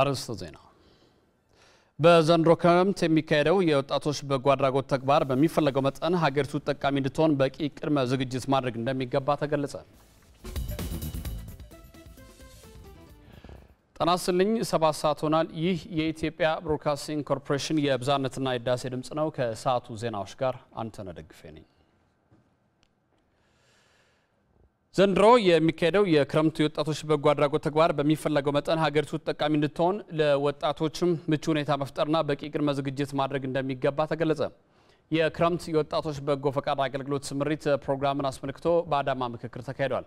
አርዕስተ ዜና። በዘንድሮ ክረምት የሚካሄደው የወጣቶች በጎ አድራጎት ተግባር በሚፈለገው መጠን ሀገሪቱ ጠቃሚ እንድትሆን በቂ ቅድመ ዝግጅት ማድረግ እንደሚገባ ተገለጸ። ጤና ይስጥልኝ። ሰባት ሰዓት ሆኗል። ይህ የኢትዮጵያ ብሮድካስቲንግ ኮርፖሬሽን የብዛነትና የዳሴ ድምፅ ነው። ከሰዓቱ ዜናዎች ጋር አንተነህ ደግፌ ነኝ። ዘንድሮ የሚካሄደው የክረምቱ የወጣቶች በጎ አድራጎት ተግባር በሚፈለገው መጠን ሀገሪቱ ተጠቃሚ እንድትሆን ለወጣቶችም ምቹ ሁኔታ መፍጠርና በቂ ቅድመ ዝግጅት ማድረግ እንደሚገባ ተገለጸ። የክረምት የወጣቶች በጎ ፈቃድ አገልግሎት ስምሪት ፕሮግራምን አስመልክቶ በአዳማ ምክክር ተካሂዷል።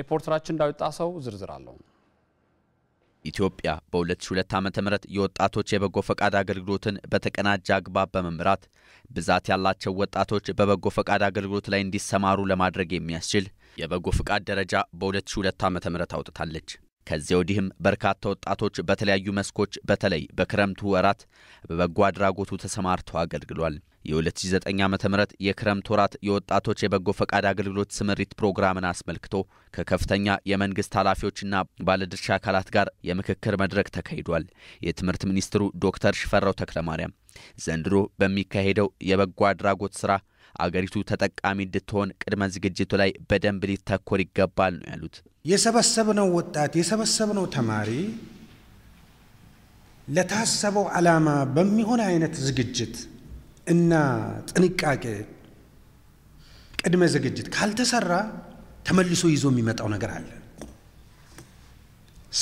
ሪፖርተራችን እንዳወጣ ሰው ዝርዝር አለው። ኢትዮጵያ በ2002 ዓ ም የወጣቶች የበጎ ፈቃድ አገልግሎትን በተቀናጀ አግባብ በመምራት ብዛት ያላቸው ወጣቶች በበጎ ፈቃድ አገልግሎት ላይ እንዲሰማሩ ለማድረግ የሚያስችል የበጎ ፍቃድ ደረጃ በ2002 ዓ ም አውጥታለች። ከዚያ ወዲህም በርካታ ወጣቶች በተለያዩ መስኮች በተለይ በክረምቱ ወራት በበጎ አድራጎቱ ተሰማርተው አገልግሏል። የ2009 ዓ ም የክረምት ወራት የወጣቶች የበጎ ፈቃድ አገልግሎት ስምሪት ፕሮግራምን አስመልክቶ ከከፍተኛ የመንግስት ኃላፊዎችና ባለድርሻ አካላት ጋር የምክክር መድረክ ተካሂዷል። የትምህርት ሚኒስትሩ ዶክተር ሽፈራው ተክለማርያም ዘንድሮ በሚካሄደው የበጎ አድራጎት ስራ አገሪቱ ተጠቃሚ እንድትሆን ቅድመ ዝግጅቱ ላይ በደንብ ሊተኮር ይገባል ነው ያሉት። የሰበሰብነው ወጣት የሰበሰብነው ተማሪ ለታሰበው ዓላማ በሚሆን አይነት ዝግጅት እና ጥንቃቄ ቅድመ ዝግጅት ካልተሰራ ተመልሶ ይዞ የሚመጣው ነገር አለ።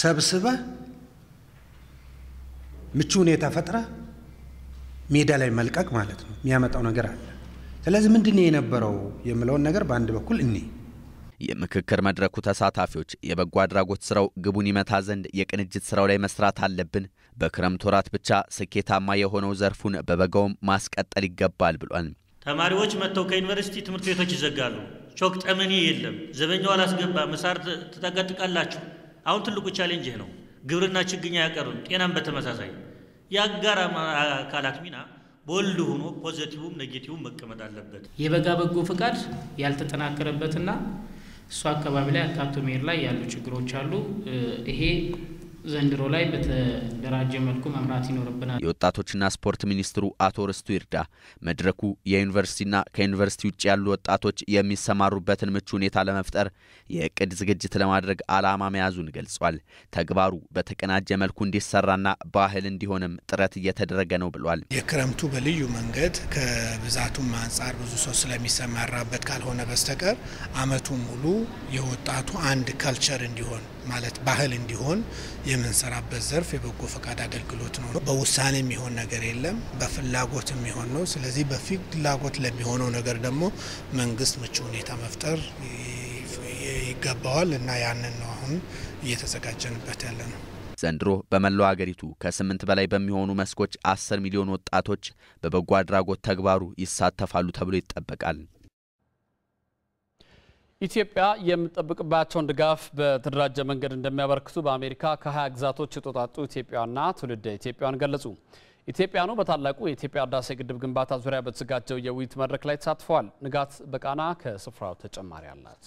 ሰብስበ ምቹ ሁኔታ ፈጥረ ሜዳ ላይ መልቀቅ ማለት ነው። የሚያመጣው ነገር አለ። ስለዚህ ምንድን የነበረው የምለውን ነገር በአንድ በኩል እኔ የምክክር መድረኩ ተሳታፊዎች የበጎ አድራጎት ስራው ግቡን ይመታ ዘንድ የቅንጅት ስራው ላይ መስራት አለብን፣ በክረምት ወራት ብቻ ስኬታማ የሆነው ዘርፉን በበጋውም ማስቀጠል ይገባል ብሏል። ተማሪዎች መጥተው ከዩኒቨርሲቲ ትምህርት ቤቶች ይዘጋሉ። ቾክ ጠመኔ የለም፣ ዘበኛው አላስገባ፣ ምሳር ትጠቀጥቃላችሁ። አሁን ትልቁ ቻሌንጅ ነው። ግብርና ችግኝ ያቀሩን፣ ጤናም በተመሳሳይ የአጋር አካላት ሚና ቦልድ ሆኖ ፖዘቲቭም ኔጌቲቭም መቀመጥ አለበት። የበጋ በጎ ፍቃድ ያልተጠናከረበትና እሱ አካባቢ ላይ አካቶ ሜር ላይ ያሉ ችግሮች አሉ። ይሄ ዘንድሮ ላይ በተደራጀ መልኩ መምራት ይኖርብናል። የወጣቶችና ስፖርት ሚኒስትሩ አቶ ርስቱ ይርዳ መድረኩ የዩኒቨርሲቲና ከዩኒቨርሲቲ ውጭ ያሉ ወጣቶች የሚሰማሩበትን ምቹ ሁኔታ ለመፍጠር የእቅድ ዝግጅት ለማድረግ ዓላማ መያዙን ገልጿል። ተግባሩ በተቀናጀ መልኩ እንዲሰራና ባህል እንዲሆንም ጥረት እየተደረገ ነው ብሏል። የክረምቱ በልዩ መንገድ ከብዛቱም አንጻር ብዙ ሰው ስለሚሰማራበት ካልሆነ በስተቀር አመቱ ሙሉ የወጣቱ አንድ ካልቸር እንዲሆን ማለት ባህል እንዲሆን የምንሰራበት ዘርፍ የበጎ ፈቃድ አገልግሎት ነው። በውሳኔ የሚሆን ነገር የለም፣ በፍላጎት የሚሆን ነው። ስለዚህ በፍላጎት ለሚሆነው ነገር ደግሞ መንግስት ምቹ ሁኔታ መፍጠር ይገባዋል እና ያንን ነው አሁን እየተዘጋጀንበት ያለ ነው። ዘንድሮ በመላው አገሪቱ ከስምንት በላይ በሚሆኑ መስኮች አስር ሚሊዮን ወጣቶች በበጎ አድራጎት ተግባሩ ይሳተፋሉ ተብሎ ይጠበቃል። ኢትዮጵያ የምትጠብቅባቸውን ድጋፍ በተደራጀ መንገድ እንደሚያበረክቱ በአሜሪካ ከ20 ግዛቶች የተውጣጡ ኢትዮጵያና ትውልደ ኢትዮጵያውያን ገለጹ። ኢትዮጵያኑ በታላቁ የኢትዮጵያ ህዳሴ ግድብ ግንባታ ዙሪያ በተዘጋጀው የውይይት መድረክ ላይ ተሳትፈዋል። ንጋት በቃና ከስፍራው ተጨማሪ አላት።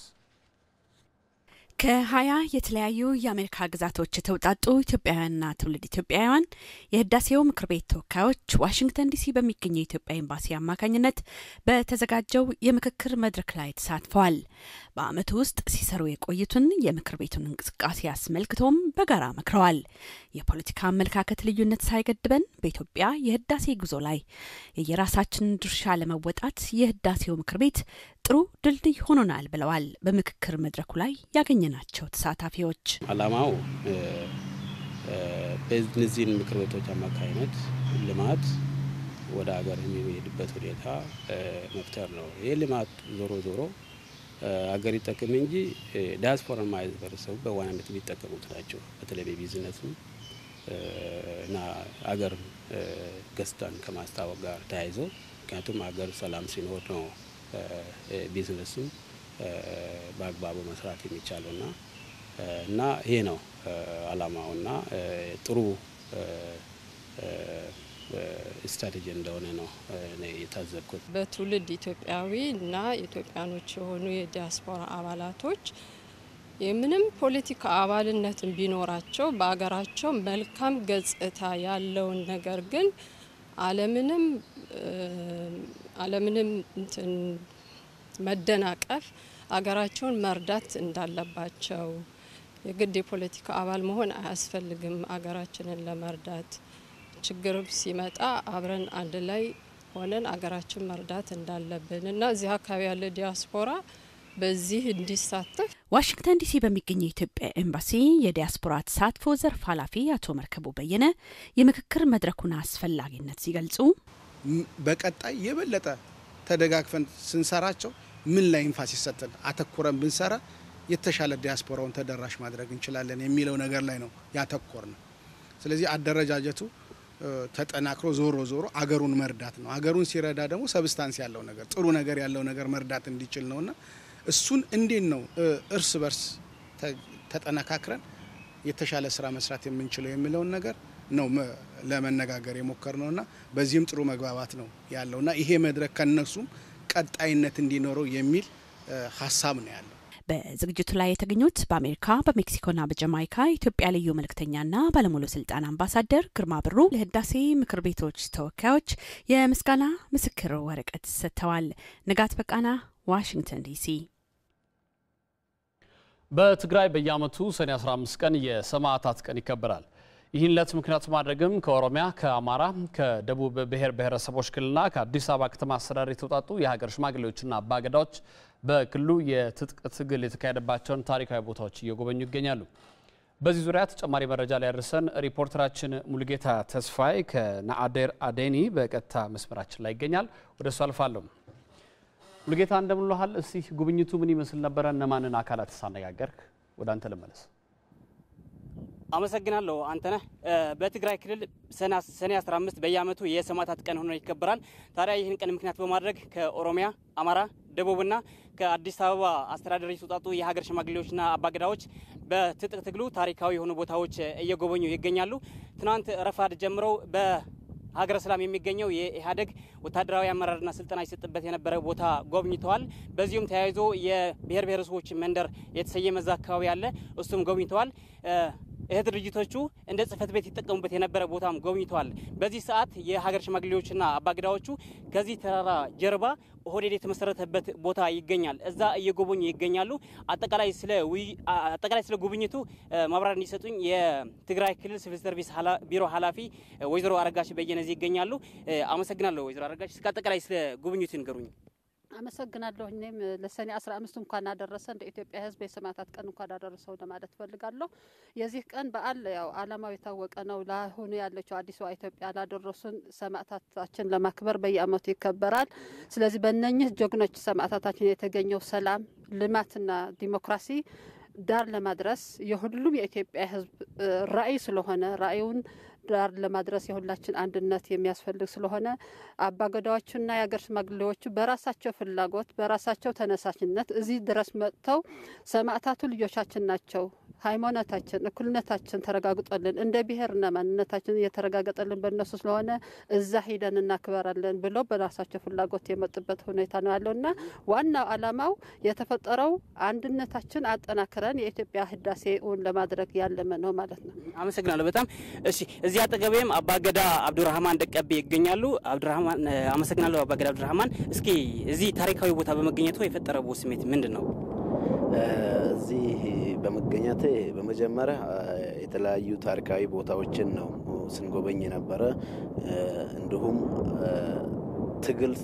ከሀያ የተለያዩ የአሜሪካ ግዛቶች የተውጣጡ ኢትዮጵያውያንና ትውልድ ኢትዮጵያውያን የህዳሴው ምክር ቤት ተወካዮች ዋሽንግተን ዲሲ በሚገኘው የኢትዮጵያ ኤምባሲ አማካኝነት በተዘጋጀው የምክክር መድረክ ላይ ተሳትፈዋል። በዓመት ውስጥ ሲሰሩ የቆዩትን የምክር ቤቱን እንቅስቃሴ አስመልክቶም በጋራ መክረዋል። የፖለቲካ አመለካከት ልዩነት ሳይገድበን በኢትዮጵያ የህዳሴ ጉዞ ላይ የየራሳችንን ድርሻ ለመወጣት የህዳሴው ምክር ቤት ጥሩ ድልድይ ሆኖናል ብለዋል። በምክክር መድረኩ ላይ ያገኘናቸው ተሳታፊዎች አላማው በእነዚህን ምክር ቤቶች አማካኝነት ልማት ወደ ሀገር የሚሄድበት ሁኔታ መፍጠር ነው። ይህ ልማት ዞሮ ዞሮ አገር ይጠቅም እንጂ ዲያስፖራ ማህበረሰቡ በዋናነት የሚጠቀሙት ናቸው። በተለይ በቢዝነስም እና አገር ገጽታን ከማስታወቅ ጋር ተያይዞ ምክንያቱም አገር ሰላም ሲኖር ነው ቢዝነስም በአግባቡ መስራት የሚቻለው ና እና ይሄ ነው አላማውና ጥሩ ስትራቴጂ እንደሆነ ነው የታዘብኩት። በትውልድ ኢትዮጵያዊ እና ኢትዮጵያኖች የሆኑ የዲያስፖራ አባላቶች የምንም ፖለቲካ አባልነትን ቢኖራቸው በሀገራቸው መልካም ገጽታ ያለውን ነገር ግን አለምንም አለምንም እንትን መደናቀፍ አገራቸውን መርዳት እንዳለባቸው የግድ የፖለቲካ አባል መሆን አያስፈልግም አገራችንን ለመርዳት ችግር ሲመጣ አብረን አንድ ላይ ሆነን አገራችን መርዳት እንዳለብን እና እዚህ አካባቢ ያለ ዲያስፖራ በዚህ እንዲሳተፍ ዋሽንግተን ዲሲ በሚገኘው የኢትዮጵያ ኤምባሲ የዲያስፖራ ተሳትፎ ዘርፍ ኃላፊ አቶ መርከቡ በየነ የምክክር መድረኩን አስፈላጊነት ሲገልጹ በቀጣይ የበለጠ ተደጋግፈን ስንሰራቸው ምን ላይ እንፋስ ይሰጥን አተኩረን ብንሰራ የተሻለ ዲያስፖራውን ተደራሽ ማድረግ እንችላለን የሚለው ነገር ላይ ነው ያተኮር ነው። ስለዚህ አደረጃጀቱ ተጠናክሮ ዞሮ ዞሮ አገሩን መርዳት ነው። አገሩን ሲረዳ ደግሞ ሰብስታንስ ያለው ነገር ጥሩ ነገር ያለው ነገር መርዳት እንዲችል ነውና እሱን እንዴት ነው እርስ በርስ ተጠነካክረን የተሻለ ስራ መስራት የምንችለው የሚለውን ነገር ነው ለመነጋገር የሞከር ነውና በዚህም ጥሩ መግባባት ነው ያለውና ይሄ መድረክ ከነሱም ቀጣይነት እንዲኖረው የሚል ሀሳብ ነው ያለው። በዝግጅቱ ላይ የተገኙት በአሜሪካ በሜክሲኮና በጀማይካ ኢትዮጵያ ልዩ መልእክተኛና ባለሙሉ ስልጣን አምባሳደር ግርማ ብሩ ለህዳሴ ምክር ቤቶች ተወካዮች የምስጋና ምስክር ወረቀት ሰጥተዋል። ንጋት በቃና ዋሽንግተን ዲሲ። በትግራይ በየዓመቱ ሰኔ 15 ቀን የሰማዕታት ቀን ይከበራል። ይህን ዕለት ምክንያት ማድረግም ከኦሮሚያ፣ ከአማራ፣ ከደቡብ ብሔር ብሔረሰቦች ክልልና ከአዲስ አበባ ከተማ አስተዳደር የተውጣጡ የሀገር ሽማግሌዎችና አባገዳዎች በክልሉ የትጥቅ ትግል የተካሄደባቸውን ታሪካዊ ቦታዎች እየጎበኙ ይገኛሉ። በዚህ ዙሪያ ተጨማሪ መረጃ ሊያደርሰን ሪፖርተራችን ሙልጌታ ተስፋይ ከናአዴር አዴኒ በቀጥታ መስመራችን ላይ ይገኛል። ወደ እሱ አልፋለሁ። ሙልጌታ እንደምንለሃል። እስቲ ጉብኝቱ ምን ይመስል ነበረ? እነማንን አካላት ሳነጋገርክ? ወደ አንተ ልመለስ። አመሰግናለሁ አንተነህ። በትግራይ ክልል ሰኔ 15 በየአመቱ የሰማዕታት ቀን ሆኖ ይከበራል። ታዲያ ይህን ቀን ምክንያት በማድረግ ከኦሮሚያ፣ አማራ፣ ደቡብና ከአዲስ አበባ አስተዳደር የተውጣጡ የሀገር ሽማግሌዎችና አባገዳዎች በትጥቅ ትግሉ ታሪካዊ የሆኑ ቦታዎች እየጎበኙ ይገኛሉ። ትናንት ረፋድ ጀምረው በ ሀገረ ሰላም የሚገኘው የኢህአዴግ ወታደራዊ አመራርና ስልጠና ይሰጥበት የነበረ ቦታ ጎብኝተዋል። በዚሁም ተያይዞ የብሔር ብሔረሰቦች መንደር የተሰየመ እዛ አካባቢ አለ፣ እሱም ጎብኝተዋል። እህት ድርጅቶቹ እንደ ጽህፈት ቤት ይጠቀሙበት የነበረ ቦታም ጎብኝተዋል። በዚህ ሰዓት የሀገር ሽማግሌዎችና አባግዳዎቹ ከዚህ ተራራ ጀርባ ኦህዴድ የተመሰረተበት ቦታ ይገኛል። እዛ እየጎበኙ ይገኛሉ። አጠቃላይ ስለ ጉብኝቱ ማብራሪያ እንዲሰጡኝ የትግራይ ክልል ሲቪል ሰርቪስ ቢሮ ኃላፊ ወይዘሮ አረጋሽ በየነዚህ ይገኛሉ። አመሰግናለሁ ወይዘሮ አረጋሽ። እስከ አጠቃላይ ስለ ጉብኝቱ ይንገሩኝ። አመሰግናለሁ። እኔም ለሰኔ አስራ አምስት እንኳን አደረሰ እንደ ኢትዮጵያ ሕዝብ የሰማዕታት ቀን እንኳን አደረሰው ለማለት ፈልጋለሁ። የዚህ ቀን በዓል ያው ዓላማው የታወቀ ነው። ለአሁኑ ያለችው አዲስዋ ኢትዮጵያ ላደረሱን ሰማዕታታችን ለማክበር በየአመቱ ይከበራል። ስለዚህ በእነኝህ ጀግኖች ሰማዕታታችን የተገኘው ሰላም፣ ልማትና ዲሞክራሲ ዳር ለማድረስ የሁሉም የኢትዮጵያ ሕዝብ ራዕይ ስለሆነ ራዕዩን ዳር ለማድረስ የሁላችን አንድነት የሚያስፈልግ ስለሆነ አባገዳዎቹና የሀገር ሽማግሌዎቹ በራሳቸው ፍላጎት በራሳቸው ተነሳሽነት እዚህ ድረስ መጥተው ሰማዕታቱ ልጆቻችን ናቸው ሃይማኖታችን እኩልነታችን ተረጋግጦልን እንደ ብሔርና ማንነታችን እየተረጋገጠልን በእነሱ ስለሆነ እዛ ሂደን እናክበራለን ብሎ በራሳቸው ፍላጎት የመጡበት ሁኔታ ነው ያለው እና ዋናው አላማው የተፈጠረው አንድነታችን አጠናክረን የኢትዮጵያ ህዳሴ እውን ለማድረግ ያለመ ነው ማለት ነው። አመሰግናለሁ በጣም እሺ። እዚህ አጠገቤም አባገዳ አብዱራህማን ደቀቤ ይገኛሉ። አብዱራህማን አመሰግናለሁ። አባገዳ አብዱራህማን፣ እስኪ እዚህ ታሪካዊ ቦታ በመገኘቱ የፈጠረው ስሜት ምንድን ነው? እዚህ በመገኘቴ በመጀመሪያ የተለያዩ ታሪካዊ ቦታዎችን ነው ስንጎበኝ የነበረ። እንዲሁም ትግል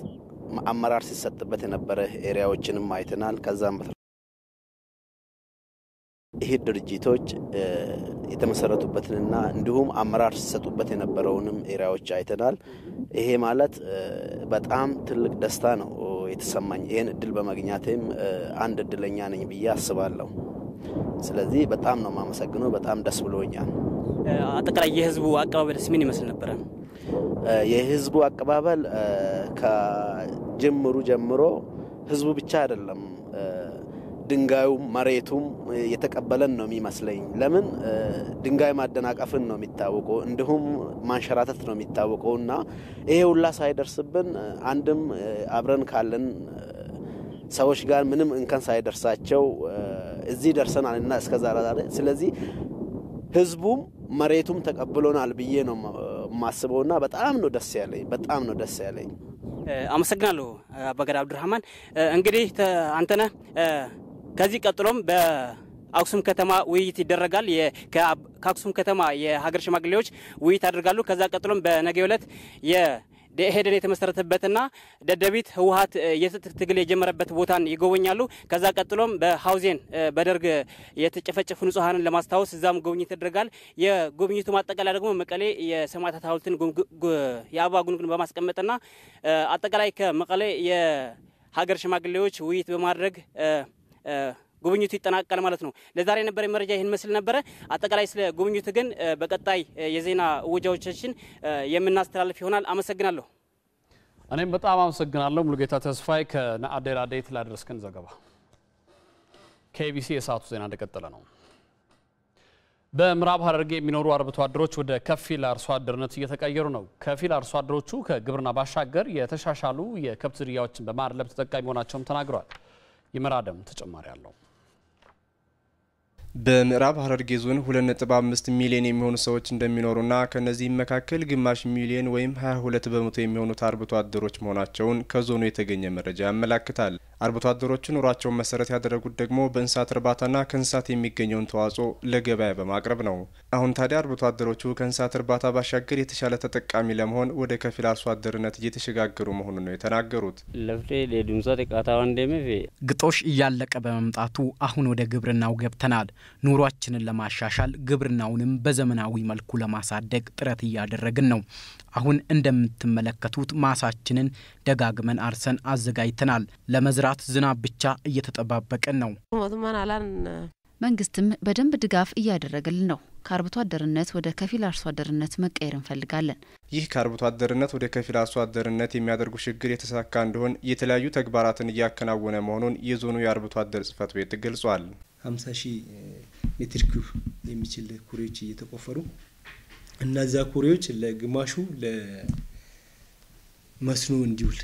አመራር ሲሰጥበት የነበረ ኤሪያዎችንም አይተናል። ከዛም ይህ ድርጅቶች የተመሰረቱበትንና እንዲሁም አመራር ሲሰጡበት የነበረውንም ኤሪያዎች አይተናል። ይሄ ማለት በጣም ትልቅ ደስታ ነው የተሰማኝ። ይህን እድል በማግኘቴም አንድ እድለኛ ነኝ ብዬ አስባለሁ። ስለዚህ በጣም ነው የማመሰግነው። በጣም ደስ ብሎኛል። አጠቃላይ የህዝቡ አቀባበልስ ምን ይመስል ነበረ? የህዝቡ አቀባበል ከጅምሩ ጀምሮ ህዝቡ ብቻ አይደለም ድንጋዩም መሬቱም የተቀበለን ነው የሚመስለኝ። ለምን ድንጋይ ማደናቀፍን ነው የሚታወቀው፣ እንዲሁም ማንሸራተት ነው የሚታወቀው እና ይሄ ሁላ ሳይደርስብን አንድም አብረን ካለን ሰዎች ጋር ምንም እንከን ሳይደርሳቸው እዚህ ደርሰናል እና እስከ ዛሬ ስለዚህ ህዝቡም መሬቱም ተቀብሎናል ብዬ ነው የማስበው እና በጣም ነው ደስ ያለኝ፣ በጣም ነው ደስ ያለኝ። አመሰግናለሁ አባገዳ አብዱራህማን። እንግዲህ አንተነህ ከዚህ ቀጥሎም በአክሱም ከተማ ውይይት ይደረጋል። ከአክሱም ከተማ የሀገር ሽማግሌዎች ውይይት አድርጋሉ። ከዛ ቀጥሎም በነገ ዕለት ኢህአዴን የተመሰረተበትና ደደቢት ህወሀት የትጥቅ ትግል የጀመረበት ቦታን ይጎበኛሉ። ከዛ ቀጥሎም በሀውዜን በደርግ የተጨፈጨፉ ንጹሐንን ለማስታወስ እዛም ጉብኝት ያደርጋል። የጉብኝቱ ማጠቃለያ ደግሞ መቀሌ የሰማዕታት ሀውልትን የአበባ ጉንጉን በማስቀመጥና አጠቃላይ ከመቀሌ የሀገር ሽማግሌዎች ውይይት በማድረግ ጉብኝቱ ይጠናቀቃል ማለት ነው። ለዛሬ የነበረ መረጃ ይህን መስል ነበረ። አጠቃላይ ስለ ጉብኝቱ ግን በቀጣይ የዜና እወጃዎቻችን የምናስተላልፍ ይሆናል። አመሰግናለሁ። እኔም በጣም አመሰግናለሁ ሙሉጌታ ተስፋይ ከነአዴራ ዴት ላደረስከን ዘገባ። ከኢቢሲ የሰዓቱ ዜና እንደቀጠለ ነው። በምዕራብ ሐረርጌ የሚኖሩ አርብቶ አደሮች ወደ ከፊል አርሶ አደርነት እየተቀየሩ ነው። ከፊል አርሶ አደሮቹ ከግብርና ባሻገር የተሻሻሉ የከብት ዝርያዎችን በማድለብ ተጠቃሚ መሆናቸውም ተናግረዋል። ይመራደም ተጨማሪ አለው። በምዕራብ ሐረርጌ ዞን 2.5 ሚሊዮን የሚሆኑ ሰዎች እንደሚኖሩና ከእነዚህም መካከል ግማሽ ሚሊዮን ወይም 22 በመቶ የሚሆኑት አርብቶ አደሮች መሆናቸውን ከዞኑ የተገኘ መረጃ ያመላክታል። አርብቶ አደሮች ኑሯቸውን መሰረት ያደረጉት ደግሞ በእንስሳት እርባታና ከእንስሳት የሚገኘውን ተዋጽኦ ለገበያ በማቅረብ ነው። አሁን ታዲያ አርብቶ አደሮቹ ከእንስሳት እርባታ ባሻገር የተሻለ ተጠቃሚ ለመሆን ወደ ከፊል አርሶ አደርነት እየተሸጋገሩ መሆኑን ነው የተናገሩት። ግጦሽ እያለቀ በመምጣቱ አሁን ወደ ግብርናው ገብተናል። ኑሯችንን ለማሻሻል ግብርናውንም በዘመናዊ መልኩ ለማሳደግ ጥረት እያደረግን ነው። አሁን እንደምትመለከቱት ማሳችንን ደጋግመን አርሰን አዘጋጅተናል ለመዝራ ወራት ዝናብ ብቻ እየተጠባበቀን ነው። መንግስትም በደንብ ድጋፍ እያደረገልን ነው። ከአርብቶ አደርነት ወደ ከፊል አርሶ አደርነት መቀየር እንፈልጋለን። ይህ ከአርብቶ አደርነት ወደ ከፊል አርሶ አደርነት የሚያደርጉ ሽግግር የተሳካ እንዲሆን የተለያዩ ተግባራትን እያከናወነ መሆኑን የዞኑ የአርብቶ አደር ጽህፈት ቤት ገልጿል። ሀምሳ ሺህ ሜትር ኪዩብ የሚችል ኩሬዎች እየተቆፈሩ እነዚያ ኩሬዎች ለግማሹ ለመስኖ እንዲውል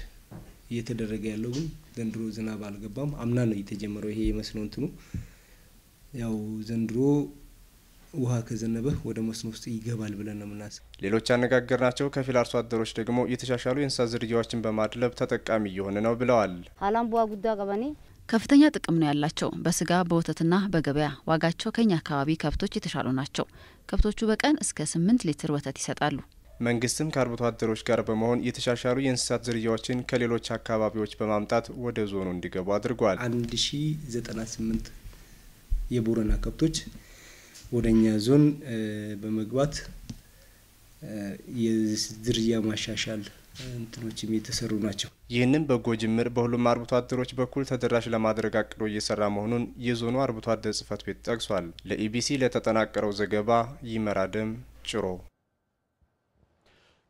እየተደረገ ያለው ግን ዘንድሮ ዝናብ አልገባም። አምና ነው እየተጀመረው ይሄ የመስኖ እንትኑ። ያው ዘንድሮ ውሃ ከዘነበ ወደ መስኖ ውስጥ ይገባል ብለን ነው የምናስብ። ሌሎች ናቸው ከፊል አርሶ አደሮች ደግሞ የተሻሻሉ የእንስሳት ዝርያዎችን በማድለብ ተጠቃሚ እየሆነ ነው ብለዋል። አላምቧ ጉዳ ቀበኔ ከፍተኛ ጥቅም ነው ያላቸው። በስጋ በወተትና በገበያ ዋጋቸው ከኛ አካባቢ ከብቶች የተሻሉ ናቸው። ከብቶቹ በቀን እስከ ስምንት ሊትር ወተት ይሰጣሉ። መንግስትም ከአርብቶ አደሮች ጋር በመሆን የተሻሻሉ የእንስሳት ዝርያዎችን ከሌሎች አካባቢዎች በማምጣት ወደ ዞኑ እንዲገቡ አድርጓል። 1098 የቦረና ከብቶች ወደ እኛ ዞን በመግባት የዝርያ ማሻሻል እንትኖችም የተሰሩ ናቸው። ይህንን በጎ ጅምር በሁሉም አርብቶ አደሮች በኩል ተደራሽ ለማድረግ አቅዶ እየሰራ መሆኑን የዞኑ አርብቶ አደር ጽህፈት ቤት ጠቅሷል። ለኢቢሲ ለተጠናቀረው ዘገባ ይመራደም ጭሮ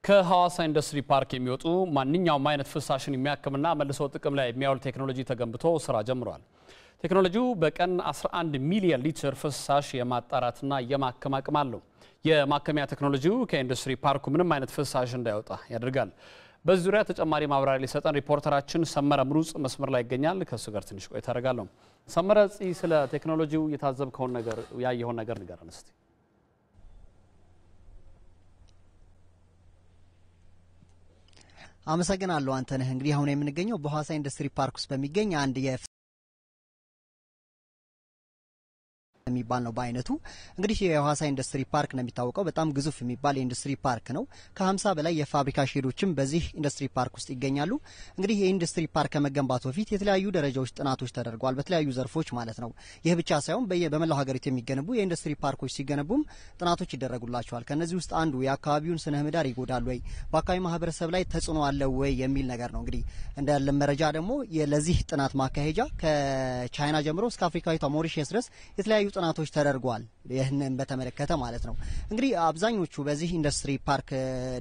ከሐዋሳ ኢንዱስትሪ ፓርክ የሚወጡ ማንኛውም አይነት ፍሳሽን የሚያክምና መልሶ ጥቅም ላይ የሚያውል ቴክኖሎጂ ተገንብቶ ስራ ጀምሯል። ቴክኖሎጂው በቀን 11 ሚሊዮን ሊትር ፍሳሽ የማጣራትና የማከም አቅም አለው። የማከሚያ ቴክኖሎጂው ከኢንዱስትሪ ፓርኩ ምንም አይነት ፍሳሽ እንዳይወጣ ያደርጋል። በዚህ ዙሪያ ተጨማሪ ማብራሪያ ሊሰጠን ሪፖርተራችን ሰመረ ምሩጽ መስመር ላይ ይገኛል። ከእሱ ጋር ትንሽ ቆይታ አደርጋለሁ። ሰመረ ስለ ቴክኖሎጂው የታዘብከውን ነገር ያየኸውን ነገር ንገረን እስቲ። አመሰግናለሁ አንተነህ። እንግዲህ አሁን የምንገኘው በሐዋሳ ኢንዱስትሪ ፓርክ ውስጥ በሚገኝ አንድ የ የሚባል ነው በአይነቱ። እንግዲህ የሀዋሳ ኢንዱስትሪ ፓርክ ነው የሚታወቀው። በጣም ግዙፍ የሚባል የኢንዱስትሪ ፓርክ ነው ከሀምሳ በላይ የፋብሪካ ሼዶችም በዚህ ኢንዱስትሪ ፓርክ ውስጥ ይገኛሉ። እንግዲህ የኢንዱስትሪ ፓርክ ከመገንባቱ በፊት የተለያዩ ደረጃዎች ጥናቶች ተደርጓል፣ በተለያዩ ዘርፎች ማለት ነው። ይህ ብቻ ሳይሆን በመላው ሀገሪቱ የሚገነቡ የኢንዱስትሪ ፓርኮች ሲገነቡም ጥናቶች ይደረጉላቸዋል። ከእነዚህ ውስጥ አንዱ የአካባቢውን ስነ ምህዳር ይጎዳሉ ወይ፣ በአካባቢ ማህበረሰብ ላይ ተጽዕኖ አለው ወይ የሚል ነገር ነው። እንግዲህ እንዳለን መረጃ ደግሞ ለዚህ ጥናት ማካሄጃ ከቻይና ጀምሮ እስከ አፍሪካዊቷ ሞሪሽስ ድረስ የተለያዩ ጥናቶች ተደርጓል። ይህንን በተመለከተ ማለት ነው እንግዲህ አብዛኞቹ በዚህ ኢንዱስትሪ ፓርክ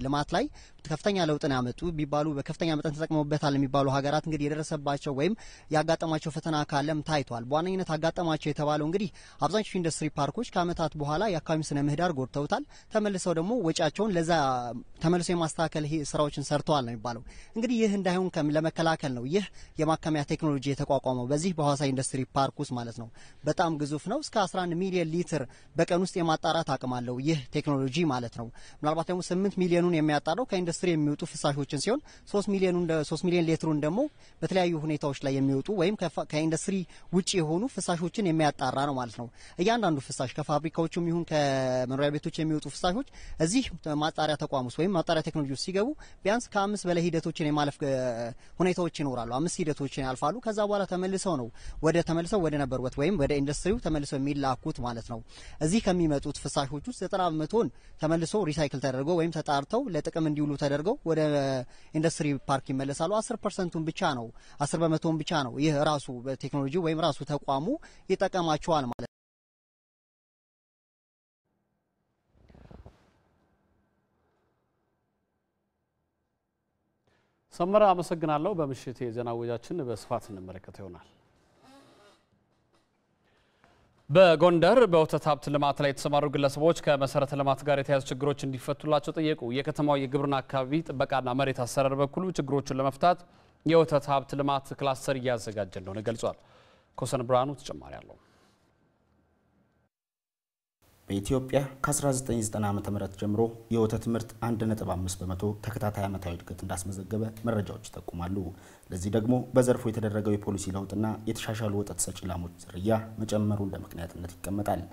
ልማት ላይ ከፍተኛ ለውጥን ያመጡ ቢባሉ በከፍተኛ መጠን ተጠቅመውበታል የሚባሉ ሀገራት እንግዲህ የደረሰባቸው ወይም ያጋጠማቸው ፈተና ካለም ታይቷል። በዋነኝነት አጋጠማቸው የተባለው እንግዲህ አብዛኞቹ ኢንዱስትሪ ፓርኮች ከዓመታት በኋላ የአካባቢ ስነ ምህዳር ጎድተውታል። ተመልሰው ደግሞ ወጪያቸውን ለዛ ተመልሶ የማስተካከል ስራዎችን ሰርተዋል ነው የሚባለው። እንግዲህ ይህ እንዳይሆን ለመከላከል ነው ይህ የማከሚያ ቴክኖሎጂ የተቋቋመው በዚህ በሐዋሳ ኢንዱስትሪ ፓርክ ውስጥ ማለት ነው። በጣም ግዙፍ ነው። እስከ 11 ሚሊዮን ሊትር በቀን ውስጥ የማጣራት አቅም አለው ይህ ቴክኖሎጂ ማለት ነው። ምናልባት ደግሞ 8 ሚሊዮኑን የሚያጣራው ከኢንዱስትሪ ከኢንዱስትሪ የሚወጡ ፍሳሾችን ሲሆን ሶስት ሚሊዮኑ ሶስት ሚሊዮን ሌትሩን ደግሞ በተለያዩ ሁኔታዎች ላይ የሚወጡ ወይም ከኢንዱስትሪ ውጭ የሆኑ ፍሳሾችን የሚያጣራ ነው ማለት ነው። እያንዳንዱ ፍሳሽ ከፋብሪካዎቹም ይሁን ከመኖሪያ ቤቶች የሚወጡ ፍሳሾች እዚህ ማጣሪያ ተቋም ውስጥ ወይም ማጣሪያ ቴክኖሎጂ ውስጥ ሲገቡ ቢያንስ ከአምስት በላይ ሂደቶችን የማለፍ ሁኔታዎች ይኖራሉ። አምስት ሂደቶችን ያልፋሉ። ከዛ በኋላ ተመልሰው ነው ወደ ተመልሰው ወደ ነበሩበት ወይም ወደ ኢንዱስትሪው ተመልሰው የሚላኩት ማለት ነው። እዚህ ከሚመጡት ፍሳሾች ውስጥ ዘጠና በመቶን ተመልሶ ሪሳይክል ተደርጎ ወይም ተጣርተው ለጥቅም እንዲውሉ ተደርገው ወደ ኢንዱስትሪ ፓርክ ይመለሳሉ። አስር ፐርሰንቱን ብቻ ነው አስር በመቶውን ብቻ ነው ይህ ራሱ በቴክኖሎጂ ወይም ራሱ ተቋሙ ይጠቀማቸዋል ማለት ነው። ሰመረ፣ አመሰግናለሁ። በምሽት የዜና ወጃችን በስፋት እንመለከተው ይሆናል። በጎንደር በወተት ሀብት ልማት ላይ የተሰማሩ ግለሰቦች ከመሰረተ ልማት ጋር የተያዙ ችግሮች እንዲፈቱላቸው ጠየቁ። የከተማው የግብርና አካባቢ ጥበቃና መሬት አሰራር በኩሉ ችግሮቹን ለመፍታት የወተት ሀብት ልማት ክላስተር እያዘጋጀ እንደሆነ ገልጿል። ኮሰን ብርሃኑ ተጨማሪ አለው። በኢትዮጵያ ከ1990 ዓ ም ጀምሮ የወተት ምርት 1.5 በመቶ ተከታታይ ዓመታዊ እድገት እንዳስመዘገበ መረጃዎች ይጠቁማሉ። ለዚህ ደግሞ በዘርፉ የተደረገው የፖሊሲ ለውጥና የተሻሻሉ ወተት ሰጪ ላሞች ዝርያ መጨመሩ እንደ ምክንያትነት ይቀመጣል።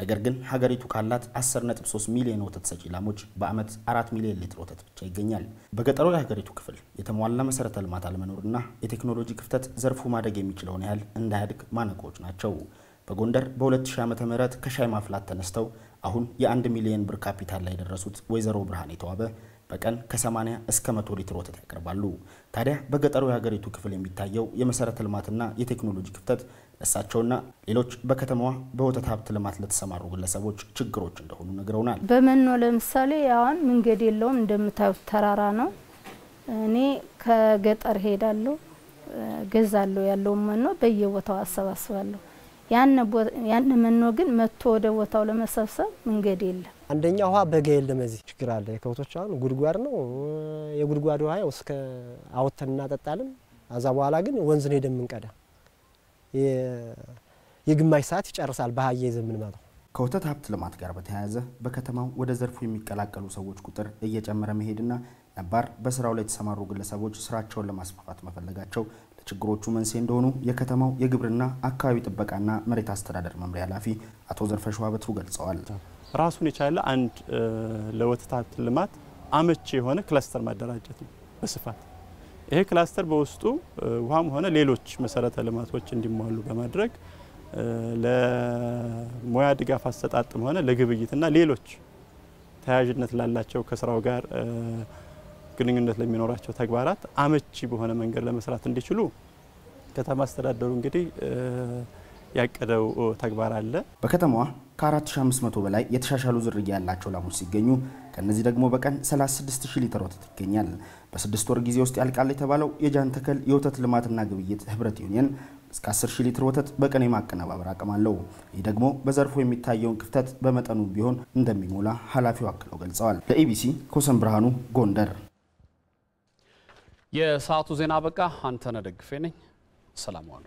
ነገር ግን ሀገሪቱ ካላት 10.3 ሚሊዮን ወተት ሰጪ ላሞች በአመት 4 ሚሊዮን ሊትር ወተት ብቻ ይገኛል። በገጠሩ የሀገሪቱ ክፍል የተሟላ መሰረተ ልማት አለመኖርና የቴክኖሎጂ ክፍተት ዘርፉ ማደግ የሚችለውን ያህል እንዳያድግ ማነቆዎች ናቸው። በጎንደር በ2000 ዓ ም ከሻይ ማፍላት ተነስተው አሁን የአንድ ሚሊዮን ብር ካፒታል ላይ የደረሱት ወይዘሮ ብርሃን የተዋበ በቀን ከ80 እስከ 100 ሊትር ወተት ያቀርባሉ። ታዲያ በገጠሩ የሀገሪቱ ክፍል የሚታየው የመሰረተ ልማትና የቴክኖሎጂ ክፍተት እሳቸውና ሌሎች በከተማዋ በወተት ሀብት ልማት ለተሰማሩ ግለሰቦች ችግሮች እንደሆኑ ነግረውናል። በመኖ ለምሳሌ አሁን መንገድ የለውም፣ እንደምታዩት ተራራ ነው። እኔ ከገጠር ሄዳለሁ፣ ገዛለሁ፣ ያለውን መኖ በየቦታው አሰባስባለሁ። ያን መኖ ግን መጥቶ ወደ ቦታው ለመሰብሰብ መንገድ የለም። አንደኛ ውሃ በጋ የለም። እዚህ ችግር አለ። የከብቶች አሁን ጉድጓድ ነው። የጉድጓድ ውሃ እስከ አውጥተን እናጠጣለን። አዛ በኋላ ግን ወንዝ ነው ሄደን የግማሽ ሰዓት ይጨርሳል በአህያ ይዘን የምንመጣው። ከወተት ሀብት ልማት ጋር በተያያዘ በከተማው ወደ ዘርፉ የሚቀላቀሉ ሰዎች ቁጥር እየጨመረ መሄድና ነባር በስራው ላይ የተሰማሩ ግለሰቦች ስራቸውን ለማስፋፋት መፈለጋቸው ችግሮቹ መንስኤ እንደሆኑ የከተማው የግብርና አካባቢ ጥበቃና መሬት አስተዳደር መምሪያ ኃላፊ አቶ ዘርፈሽ በትሩ ገልጸዋል። ራሱን የቻለ አንድ ለወተታት ልማት አመቺ የሆነ ክለስተር ማደራጀት ነው በስፋት ይሄ ክላስተር በውስጡ ውሃም ሆነ ሌሎች መሰረተ ልማቶች እንዲሟሉ በማድረግ ለሙያ ድጋፍ አሰጣጥም ሆነ ለግብይትና ሌሎች ተያያዥነት ላላቸው ከስራው ጋር ግንኙነት ለሚኖራቸው ተግባራት አመቺ በሆነ መንገድ ለመስራት እንዲችሉ ከተማ አስተዳደሩ እንግዲህ ያቀደው ተግባር አለ። በከተማዋ ከ4500 በላይ የተሻሻሉ ዝርያ ያላቸው ላሞች ሲገኙ ከእነዚህ ደግሞ በቀን 36000 ሊትር ወተት ይገኛል። በስድስት ወር ጊዜ ውስጥ ያልቃል የተባለው የጃን ተከል የወተት ልማትና ግብይት ህብረት ዩኒየን እስከ 10000 ሊትር ወተት በቀን የማቀነባበር አቅም አለው። ይህ ደግሞ በዘርፉ የሚታየውን ክፍተት በመጠኑ ቢሆን እንደሚሞላ ኃላፊው አክለው ገልጸዋል። ለኢቢሲ ኮሰን ብርሃኑ ጎንደር የሰዓቱ ዜና በቃ። አንተነህ ደግፌ ነኝ። ሰላም ዋሉ።